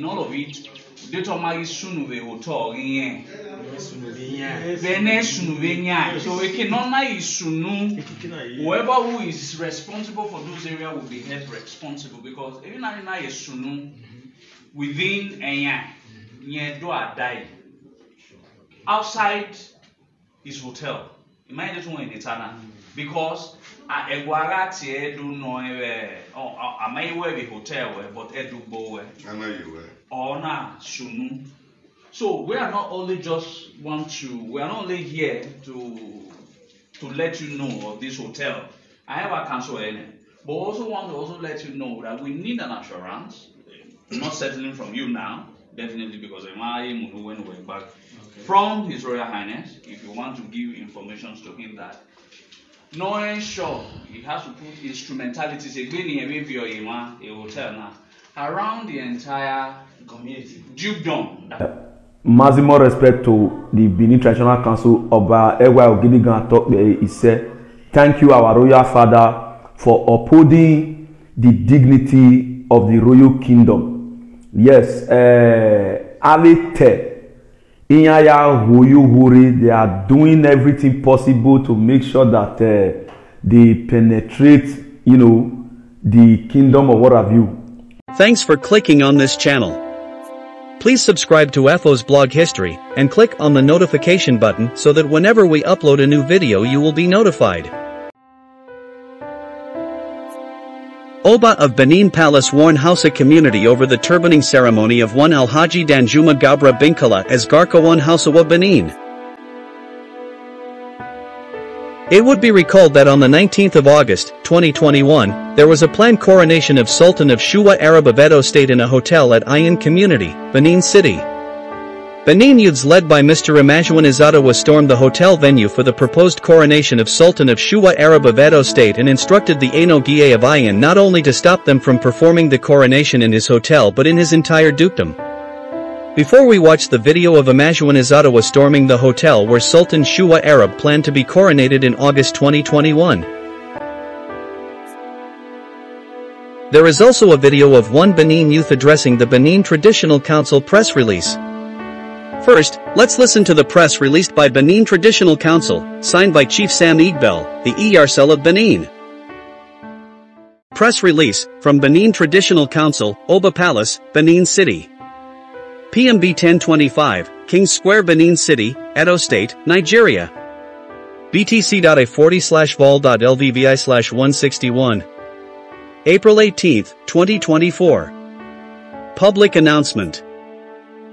in all of it detomari sunuwe wotɔ ŋiɛ bene sunuwe nya so we can honor Sunu, whoever who is responsible for those areas will be held responsible because ebi nani na yɛ sunu within ɛnya nyɛ do adai outside his hotel imagine this one in eternal. Mm -hmm. because I tie do no ewe oh amaiwe be hotel we but edubo we Oh ona shunu. so we are not only just want to we are not only here to to let you know of this hotel i have a council it. but also want to also let you know that we need an assurance not settling from you now definitely because Emai Munu went we back okay. from His Royal Highness, if you want to give information to him that No, sure you have to put instrumentalities again in maybe your ima a hotel now around the entire community dukedom. maximum respect to the benin traditional council oba ewa ogidigan He said, thank you our royal father for upholding the dignity of the royal kingdom yes uh, alete Inyaya Huyuhuri, they are doing everything possible to make sure that uh, they penetrate, you know, the kingdom of what have you. Thanks for clicking on this channel. Please subscribe to FO's blog history and click on the notification button so that whenever we upload a new video you will be notified. Oba of Benin Palace warn Hausa community over the turbaning ceremony of one Alhaji Danjuma Gabra Binkala as Hausa of Benin. It would be recalled that on the 19th of August, 2021, there was a planned coronation of Sultan of Shua Arab of Edo State in a hotel at Ayan Community, Benin City. Benin youths led by Mr. Imajwan Izadawa stormed the hotel venue for the proposed coronation of Sultan of Shua Arab of Edo State and instructed the Enogie of Ayan not only to stop them from performing the coronation in his hotel but in his entire dukedom. Before we watch the video of Imajwan Izadawa storming the hotel where Sultan Shua Arab planned to be coronated in August 2021. There is also a video of one Benin youth addressing the Benin Traditional Council press release. First, let's listen to the press released by Benin Traditional Council, signed by Chief Sam Igbel, the ERCEL of Benin. Press release from Benin Traditional Council, Oba Palace, Benin City. PMB 1025, Kings Square, Benin City, Edo State, Nigeria. BTC.A 40 slash vol.lvvi slash 161. April 18, 2024. Public announcement.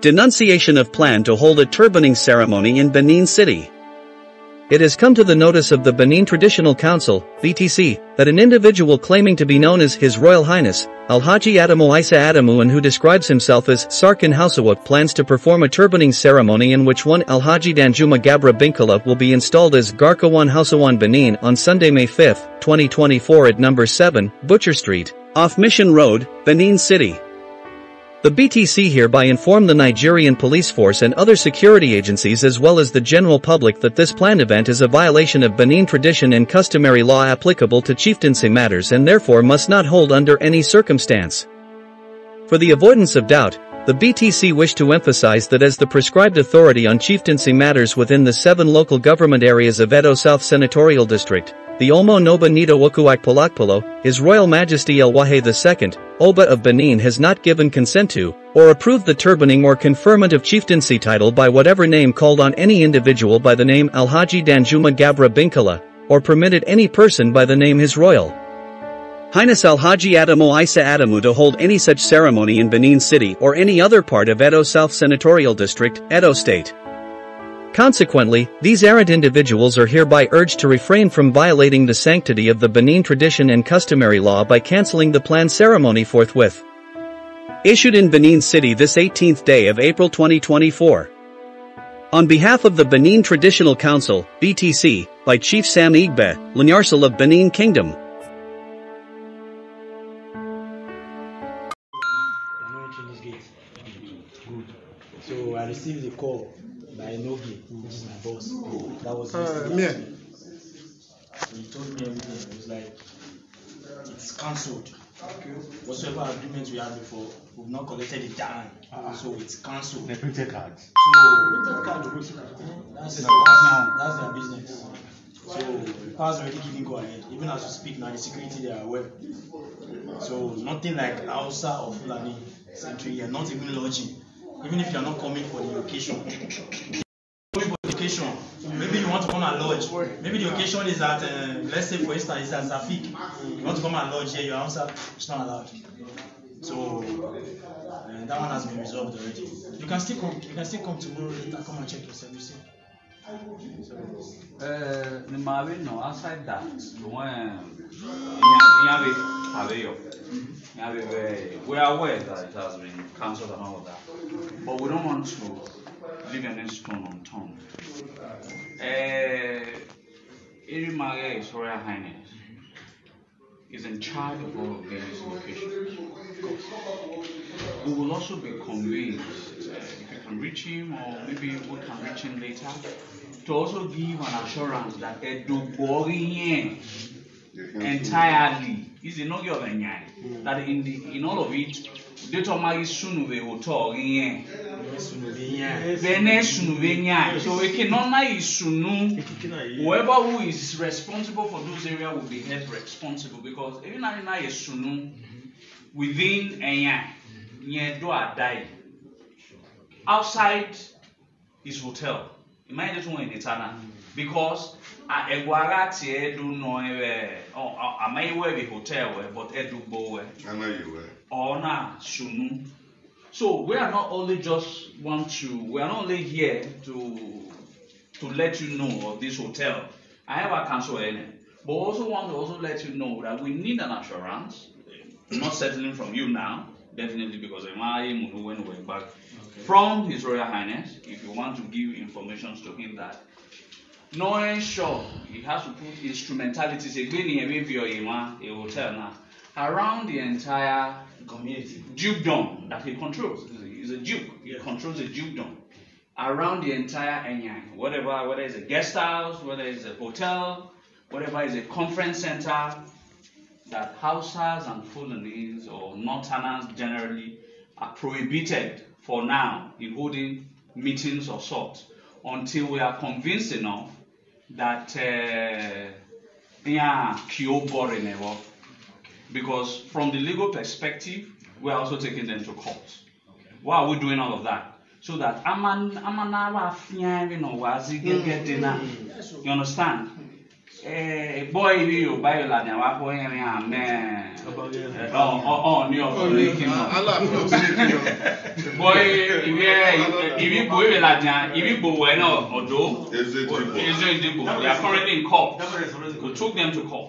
Denunciation of plan to hold a turbaning ceremony in Benin City. It has come to the notice of the Benin Traditional Council, BTC, that an individual claiming to be known as His Royal Highness, Alhaji Adamu Isa Adamu and who describes himself as Sarkin Hausawa plans to perform a turbaning ceremony in which one Alhaji Danjuma Gabra Binkala will be installed as Garkawan Hausawan Benin on Sunday, May 5, 2024 at number 7, Butcher Street, off Mission Road, Benin City. The BTC hereby inform the Nigerian police force and other security agencies as well as the general public that this planned event is a violation of Benin tradition and customary law applicable to chieftaincy matters and therefore must not hold under any circumstance. For the avoidance of doubt, the BTC wish to emphasize that as the prescribed authority on chieftaincy matters within the seven local government areas of Edo South Senatorial District, the Omo Noba Nito Okuak His Royal Majesty El Wahe II, Oba of Benin has not given consent to, or approved the turbaning or conferment of chieftaincy title by whatever name called on any individual by the name Alhaji Danjuma Gabra Binkala, or permitted any person by the name His Royal. Highness Al-Haji Adamu Isa Adamu to hold any such ceremony in Benin City or any other part of Edo South Senatorial District, Edo State. Consequently, these errant individuals are hereby urged to refrain from violating the sanctity of the Benin tradition and customary law by cancelling the planned ceremony forthwith. Issued in Benin City this 18th day of April 2024. On behalf of the Benin Traditional Council, BTC, by Chief Sam Igbe, Lanyarsil of Benin Kingdom, I know him. He's my boss. That was uh, me. He told me everything. He was like, it's cancelled. Okay. Whatsoever agreement we had before, we've not collected it down. Ah. So it's cancelled. The printed card. So printed card, that's, no, that's, no. that's their business. So the Pa's already giving go ahead. Even as we speak now, the security they are aware. So nothing like Hausa or Fulani century here, not even lodging even if you are not coming for the occasion. Coming for the occasion, maybe you want to come and lodge. Maybe the occasion is at, uh, let's say for instance, it's at Zafik. You want to come and lodge here, your answer is not allowed. So uh, that one has been resolved already. You can still come. You can still come tomorrow later. Come and check yourself. You see. Eh, no outside that we are aware that it has been cancelled and all of that, but we don't want to leave any stone unturned. Uh, Irimaga is Royal Highness is in charge of all of these locations. We will also be convinced to reach him or maybe we can reach him later to also give an assurance that they him entirely is the knowledge of enyan hmm. that in the in all of it detomari sunuwe otoriyen bene sunuwenyan so ekinona sunu. whoever who is responsible for those areas will be held responsible because evinanina isunu hmm. within enyan yẹn do ada yìí. outside his hotel. Imagine this one in Etana. Mm. Because I tie do no eh, oh amai we the hotel eh, but edu eh. where. Or na sunu. So we are not only just want to we are not only here to to let you know of this hotel. I have a council any, but also want to also let you know that we need an assurance. I'm not settling from you now definitely because Emai Munu went we back okay. from His Royal Highness, if you want to give information to him that knowing sure he has to put instrumentalities again in maybe Ima, a hotel now, around the entire community. Dukedom that he controls. He's a duke. He controls Duke dukedom. Around the entire Enyang, whatever, whether it's a guest house, whether it's a hotel, whatever is a conference center, that Hausas and Fulanese or Northerners generally are prohibited for now in holding meetings of sort until we are convinced enough that uh, yeah, okay. because from the legal perspective, we are also taking them to court. Why are we doing all of that? So that Amanawa mm. You understand? Eh, boy bi o báyìí lànà wa kó irin amen ọ̀ọ̀ni ọ̀ọ̀ni kìnnà boy if ibi if gbò buy lànà ibi gbò wẹ̀ náà ọ̀dọ́ eze ìdìbò they are currently in court we took them to court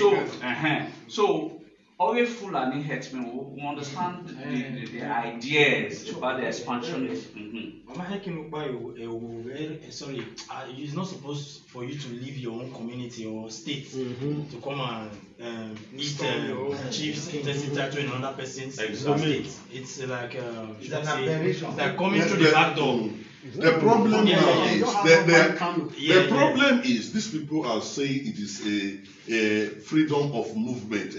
so uh -huh. so Oyo Fulani herdsmen will understand the, the, mm-hmm. the ideas about the expansion. Mm-hmm. Mm-hmm. Mama Hekim Ukbayo, eh, eh, sorry, uh, ah, it's not supposed for you to leave your own community or state mm-hmm. to come and um, need um, chiefs intensity to another person's exactly. It's, it's like um, it's an aberration. It's like coming through the, back door. The problem yeah, now yeah, is the, the, yeah, the problem is these people are saying it is a, a freedom of movement.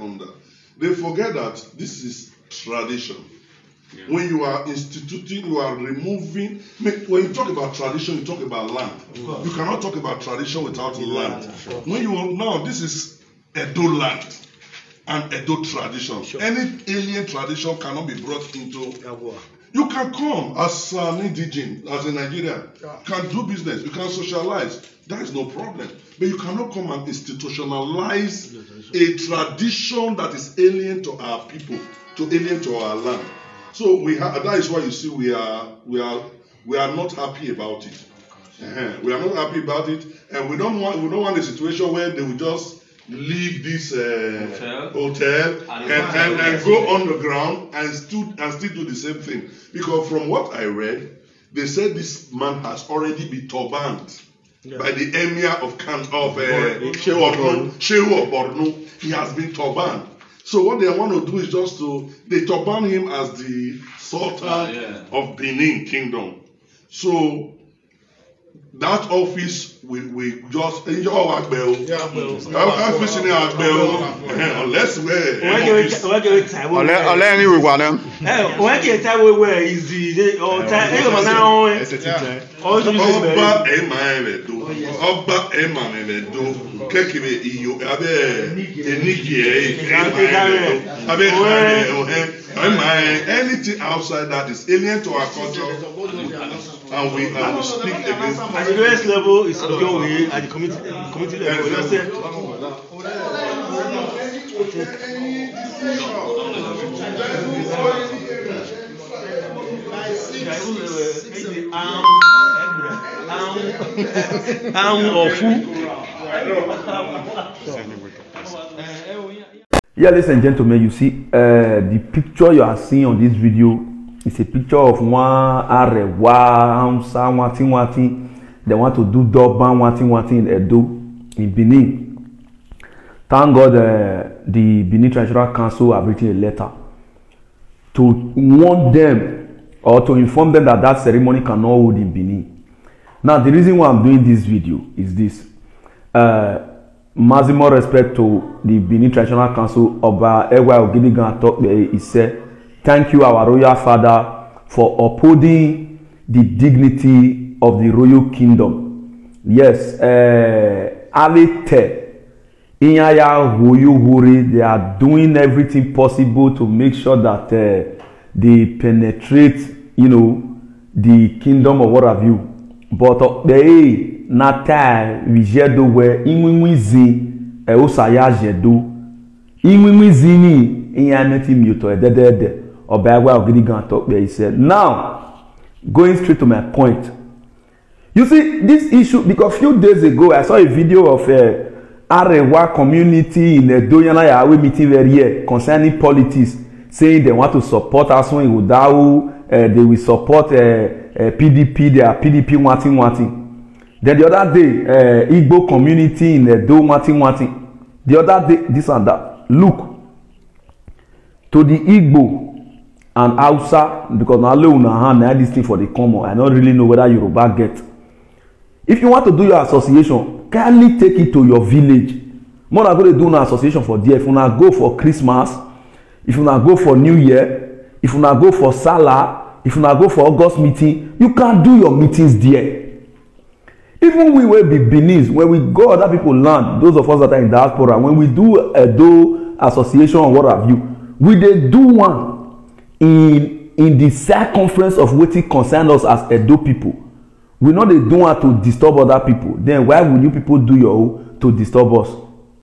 Under they forget that this is tradition. Yeah. When you are instituting, you are removing. When you talk about tradition, you talk about land. You cannot talk about tradition without land. When you are, now, this is Edo land and Edo tradition. Sure. Any alien tradition cannot be brought into. You can come as an indigenous, as a Nigerian, yeah. can do business, you can socialize. That is no problem. But you cannot come and institutionalize a tradition that is alien to our people, to alien to our land. So we ha- that is why you see we are we are we are not happy about it. Uh-huh. We are not happy about it, and we don't want we don't want a situation where they will just leave this uh, hotel, hotel and, and, and, go on the ground and, stood, and still do the same thing. Because from what I read, they said this man has already been turbaned yeah. by the emir of Kan of uh, of Borno. He has been turbaned. So what they want to do is just to they turban him as the sultan oh, yeah. of Benin Kingdom. So that office we we just ẹyọ our gbẹ o that office ni a gbẹ o eh, unless where. ọlẹ ọlẹ ni wíwá náà. wọ́n kì í ta wíwá ìzì ọ̀tá ẹ̀yọ̀ màmá ọ̀hún ẹ̀. ọba ẹ̀ma rẹ̀ do ọba ẹ̀ma rẹ̀ do kékeré iyo abẹ́ enigi ẹ̀ ẹ̀ma rẹ̀ do abẹ́ ẹ̀ma rẹ̀ ọ̀hẹ́ ẹ̀ma rẹ̀ anything outside that is alien to our culture. and we and we speak against. At the lowest level is of at the committee committee level. Ah, yeah, ladies and gentlemen, you see uh, the picture you are seeing on this video it's a picture of one are hausa wọn ti wọn they want to do durban wọn ti wọn ti in edo in benin thank god uh, the benin traditional council have written a letter to warn them or to inform them that that ceremony cannot hold in benin now the reason why i'm doing this video is this uh, maximum respect to the benin traditional council oba ewa ogidigan atokpe ise. Thank you, our royal father, for upholding the dignity of the royal kingdom. Yes, eh, Alete, uh, Inyaya, Hoyohure, they are doing everything possible to make sure that uh, they penetrate, you know, the kingdom or what have you. But uh, they nata vijedo we imwimwizi e eh, usaya jedo imwimwizi ni inyameti myoto ededede ọba ẹgbẹ́ ògidì gan tó pé iṣẹ́ now going straight to my point you see this issue because few days ago i saw a video of uh, arewa community in edo yanaya meeting very here concerning politics saying they want to support asun iwodawu uh, eh, they will support uh, eh, uh, pdp their pdp wanting wanting then the other day uh, igbo community in edo wanting wanting the other day this and that look to the igbo and hausa because na only una hand na this thing for the common i no really know whether yoruba get if you want to do your association kindly take it to your village more than go dey do una association for there if una go for christmas if una go for new year if una go for salah if una go for august meeting you can do your meetings there even we wey be benin when we go other people land those of us that are in diaspora when we do edo association or what have you we dey do one in in the circumference of wetin concern us as edo people we no dey do am to disturb other people then why will you people do your own to disturb us